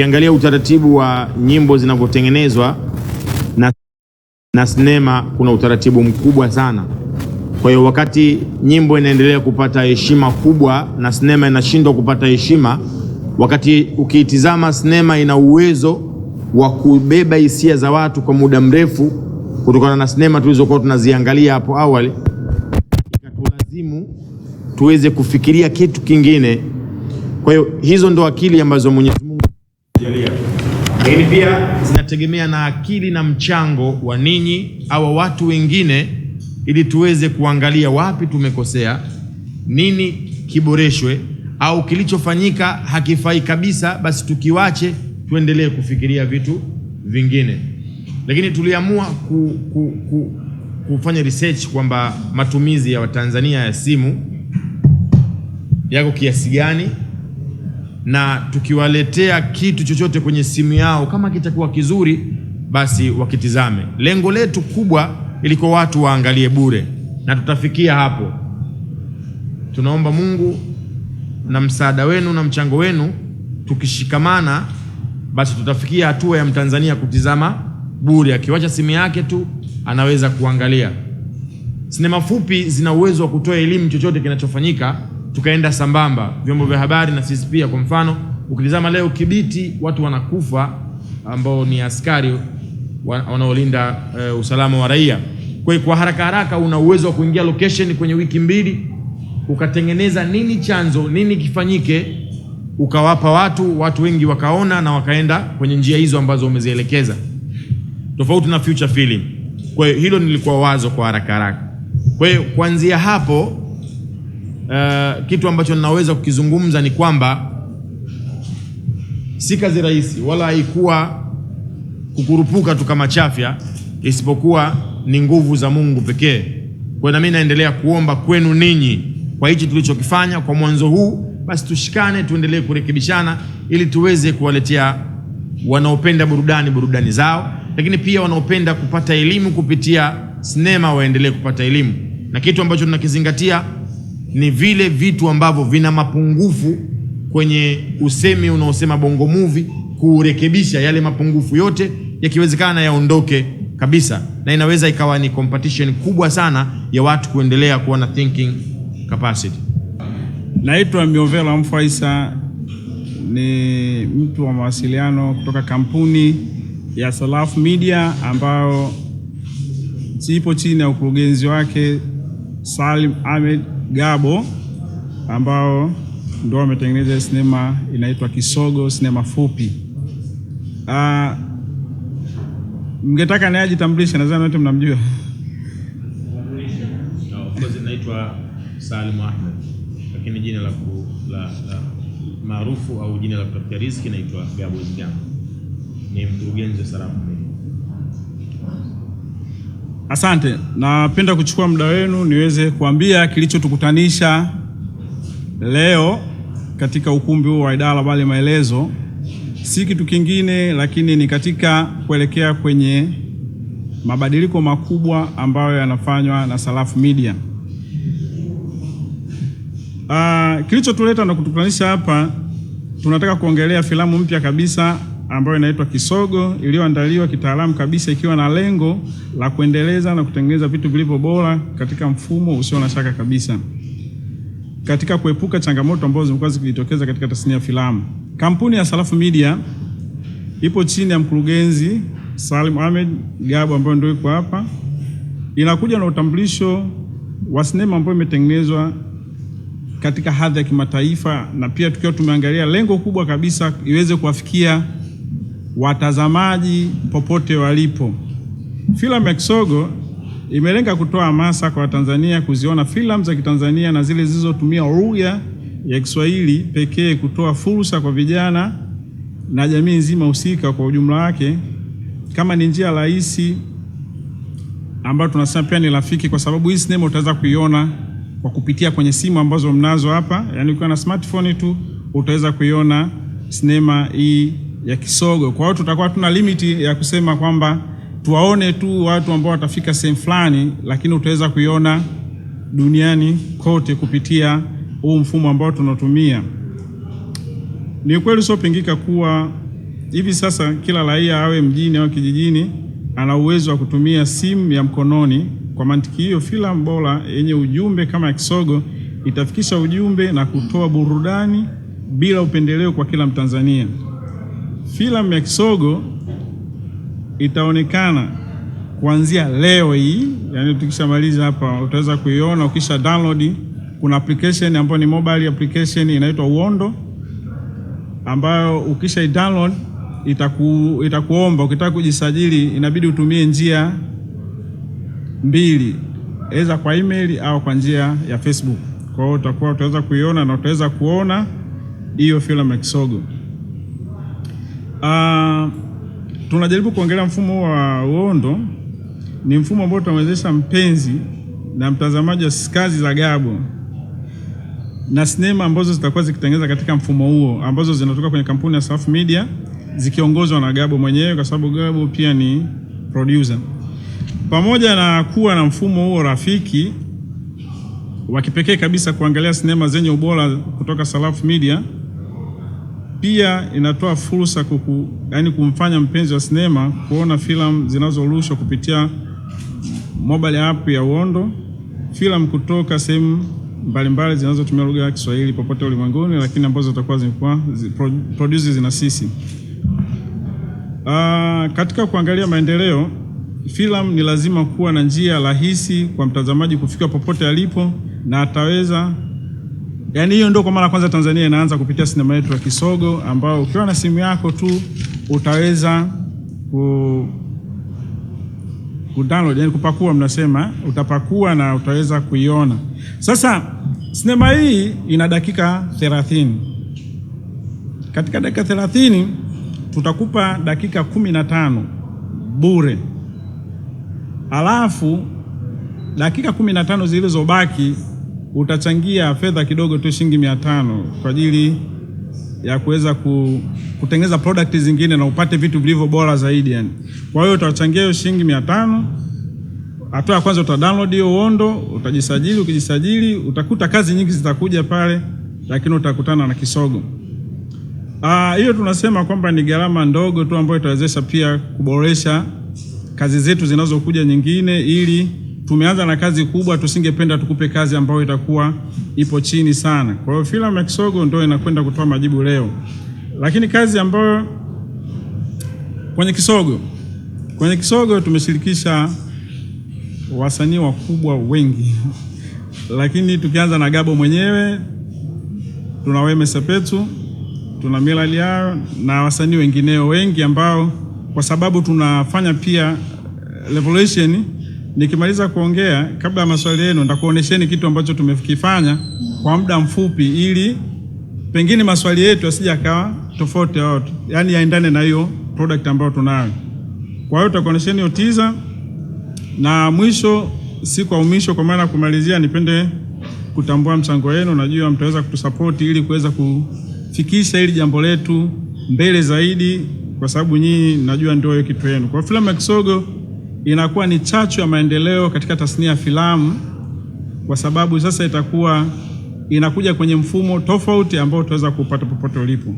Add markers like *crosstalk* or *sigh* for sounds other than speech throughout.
Ukiangalia utaratibu wa nyimbo zinavyotengenezwa na, na sinema kuna utaratibu mkubwa sana. Kwa hiyo wakati nyimbo inaendelea kupata heshima kubwa na sinema inashindwa kupata heshima, wakati ukiitizama sinema ina uwezo wa kubeba hisia za watu kwa muda mrefu, kutokana na sinema tulizokuwa tunaziangalia hapo awali, ikatulazimu tuweze kufikiria kitu kingine. Kwa hiyo hizo ndo akili ambazo Mwenyezi lakini pia zinategemea na akili na mchango wa ninyi au watu wengine, ili tuweze kuangalia wapi tumekosea, nini kiboreshwe, au kilichofanyika hakifai kabisa, basi tukiwache, tuendelee kufikiria vitu vingine. Lakini tuliamua ku, ku, ku, kufanya research kwamba matumizi ya Watanzania ya simu yako kiasi gani na tukiwaletea kitu chochote kwenye simu yao kama kitakuwa kizuri, basi wakitizame. Lengo letu kubwa iliko watu waangalie bure, na tutafikia hapo. Tunaomba Mungu na msaada wenu na mchango wenu, tukishikamana basi tutafikia hatua ya Mtanzania kutizama bure, akiwacha simu yake tu anaweza kuangalia. Sinema fupi zina uwezo wa kutoa elimu chochote kinachofanyika tukaenda sambamba vyombo vya habari na sisi pia. Kwa mfano ukitizama leo Kibiti watu wanakufa ambao ni askari wanaolinda e, usalama wa raia. Kwa hiyo kwa haraka haraka una uwezo wa kuingia location kwenye wiki mbili ukatengeneza nini, chanzo nini kifanyike, ukawapa watu, watu wengi wakaona na wakaenda kwenye njia hizo ambazo umezielekeza, tofauti na future film. Kwa hiyo hilo nilikuwa wazo kwa haraka haraka. Kwa hiyo kuanzia hapo uh, kitu ambacho ninaweza kukizungumza ni kwamba si kazi rahisi wala haikuwa kukurupuka tu kama chafya, isipokuwa ni nguvu za Mungu pekee. Kwa nami naendelea kuomba kwenu ninyi kwa hichi tulichokifanya kwa mwanzo huu, basi tushikane, tuendelee kurekebishana ili tuweze kuwaletea wanaopenda burudani burudani zao, lakini pia wanaopenda kupata elimu kupitia sinema waendelee kupata elimu, na kitu ambacho tunakizingatia ni vile vitu ambavyo vina mapungufu kwenye usemi unaosema bongo movie, kurekebisha yale mapungufu yote, yakiwezekana yaondoke kabisa, na inaweza ikawa ni competition kubwa sana ya watu kuendelea kuwa na thinking capacity. Naitwa Miovela Mfaisa, ni mtu wa mawasiliano kutoka kampuni ya Salaf Media ambayo ipo chini ya ukurugenzi wake Salim Ahmed Gabo ambao ndio wametengeneza sinema inaitwa Kisogo, sinema fupi. Uh, mngetaka naye ajitambulishe, nadhani wote mnamjua. Naitwa Salim Ahmed, lakini jina la maarufu au jina la kutafuta riziki naitwa Gabo Zigamba, ni mkurugenzi wa Sarafu Asante, napenda kuchukua muda wenu niweze kuambia kilichotukutanisha leo katika ukumbi huu wa idara Bali maelezo, si kitu kingine lakini ni katika kuelekea kwenye mabadiliko makubwa ambayo yanafanywa na Salafu Media. Uh, kilichotuleta na kutukutanisha hapa, tunataka kuongelea filamu mpya kabisa ambayo inaitwa Kisogo iliyoandaliwa kitaalamu kabisa ikiwa na lengo la kuendeleza na kutengeneza vitu vilivyo bora katika mfumo usio na shaka kabisa katika kuepuka changamoto ambazo zimekuwa zikijitokeza katika tasnia ya filamu. Kampuni ya Salafu Media ipo chini ya mkurugenzi Salim Ahmed Gabo ambayo ndio yuko hapa, inakuja na utambulisho wa sinema ambayo imetengenezwa katika hadhi ya kimataifa, na pia tukiwa tumeangalia lengo kubwa kabisa iweze kuwafikia watazamaji popote walipo. Filamu ya Kisogo imelenga kutoa hamasa kwa Watanzania kuziona filamu za Kitanzania na zile zilizotumia lugha ya Kiswahili pekee, kutoa fursa kwa vijana na jamii nzima husika kwa ujumla wake, kama ni njia rahisi ambayo tunasema pia ni rafiki, kwa sababu hii sinema utaweza kuiona kwa kupitia kwenye simu ambazo mnazo hapa, yaani ukiwa na smartphone tu utaweza kuiona sinema hii ya kisogo. Kwa hiyo tutakuwa tuna limiti ya kusema kwamba tuwaone tu watu ambao watafika sehemu fulani, lakini utaweza kuiona duniani kote kupitia huu mfumo ambao tunatumia. Ni ukweli usiopingika kuwa hivi sasa kila raia awe mjini au kijijini ana uwezo wa kutumia simu ya mkononi. Kwa mantiki hiyo, filamu bora yenye ujumbe kama ya kisogo itafikisha ujumbe na kutoa burudani bila upendeleo kwa kila Mtanzania filamu ya Kisogo itaonekana kuanzia leo hii, yani tukishamaliza hapa utaweza kuiona. Ukisha download, kuna application ambayo ni mobile application inaitwa Uondo, ambayo ukisha download itaku, itakuomba ukitaka kujisajili inabidi utumie njia mbili, aidha kwa email au kwa njia ya Facebook. Kwa hiyo utakuwa utaweza kuiona na utaweza kuona hiyo filamu ya Kisogo. Uh, tunajaribu kuongelea mfumo wa uondo. Ni mfumo ambao tunawezesha mpenzi na mtazamaji wa kazi za Gabo na sinema ambazo zitakuwa zikitengeneza katika mfumo huo ambazo zinatoka kwenye kampuni ya Saf Media zikiongozwa na Gabo mwenyewe, kwa sababu Gabo pia ni producer. Pamoja na kuwa na mfumo huo rafiki wa kipekee kabisa kuangalia sinema zenye ubora kutoka Salaf Media pia inatoa fursa kuku, yani kumfanya mpenzi wa sinema kuona filamu zinazorushwa kupitia mobile app ya Uondo, filamu kutoka sehemu mbalimbali zinazotumia lugha ya Kiswahili popote ulimwenguni, lakini ambazo zitakuwa zimekuwa zi, produce zina sisi. Uh, katika kuangalia maendeleo filamu ni lazima kuwa na njia rahisi kwa mtazamaji kufika popote alipo na ataweza Yaani hiyo ndio kwa mara kwanza Tanzania inaanza kupitia sinema yetu ya Kisogo ambao ukiwa na simu yako tu utaweza ku download yani kupakua, mnasema utapakua na utaweza kuiona. Sasa sinema hii ina dakika 30. Katika dakika 30 tutakupa dakika 15 bure, alafu dakika 15 zilizobaki utachangia fedha kidogo tu shilingi mia tano kwa ajili ya kuweza kutengeneza product zingine na upate vitu vilivyo bora zaidi yani. Kwa hiyo utachangia hiyo shilingi mia tano. Hatua ya kwanza uta download hiyo Ondo, utajisajili. Ukijisajili utakuta kazi nyingi zitakuja pale, lakini utakutana na kisogo. Ah, hiyo tunasema kwamba ni gharama ndogo tu ambayo itawezesha pia kuboresha kazi zetu zinazokuja nyingine ili tumeanza na kazi kubwa, tusingependa tukupe kazi ambayo itakuwa ipo chini sana. Kwa hiyo filamu ya Kisogo ndio inakwenda kutoa majibu leo, lakini kazi ambayo kwenye Kisogo kwenye Kisogo tumeshirikisha wasanii wakubwa wengi lakini tukianza na Gabo mwenyewe tuna Wema Sepetu, tuna Mila Liao na wasanii wengineo wengi ambao kwa sababu tunafanya pia revolution Nikimaliza kuongea, kabla ya maswali yenu, nitakuonesheni kitu ambacho tumekifanya kwa muda mfupi, ili pengine maswali yetu asija akawa tofauti yote, yani yaendane na hiyo product ambayo tunayo. Kwa hiyo tutakuonesheni hiyo na mwisho si kwa umisho, kwa maana ya kumalizia, nipende kutambua mchango wenu. Najua mtaweza kutusapoti ili kuweza kufikisha hili jambo letu mbele zaidi, kwa sababu nyinyi najua ndio hiyo kitu yenu. Kwa filamu ya Kisogo inakuwa ni chachu ya maendeleo katika tasnia ya filamu, kwa sababu sasa itakuwa inakuja kwenye mfumo tofauti ambao utaweza kupata popote ulipo.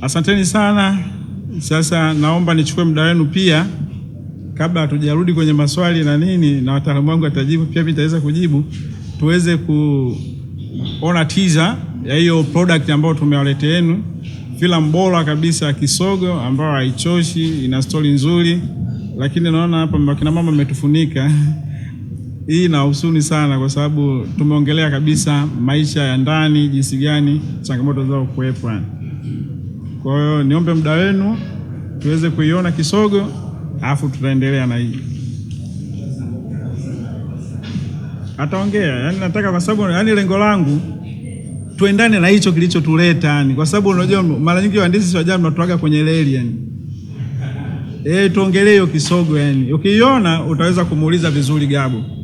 Asanteni sana. Sasa naomba nichukue muda wenu pia, kabla hatujarudi kwenye maswali na nini na wataalamu wangu watajibu pia, vitaweza kujibu, tuweze kuona teaser ya hiyo product ambayo tumewaleteenu, filamu bora kabisa ya Kisogo ambayo haichoshi, ina stori nzuri lakini naona hapa wakina mama ametufunika. *laughs* Hii na sana, kwa sababu tumeongelea kabisa maisha ya ndani, jinsi gani changamoto zao kuwepo. Kwa hiyo niombe muda wenu tuweze kuiona kisogo, alafu tutaendelea na hii ataongea yani, nataka kwa sababu yani, lengo langu tuendane na hicho kilichotuleta yani, kwa sababu unajua mara nyingi waandishi wa jamii tunatoka kwenye reli yani Eh, tuongelee hiyo kisogo yani. Ukiiona utaweza kumuuliza vizuri Gabo.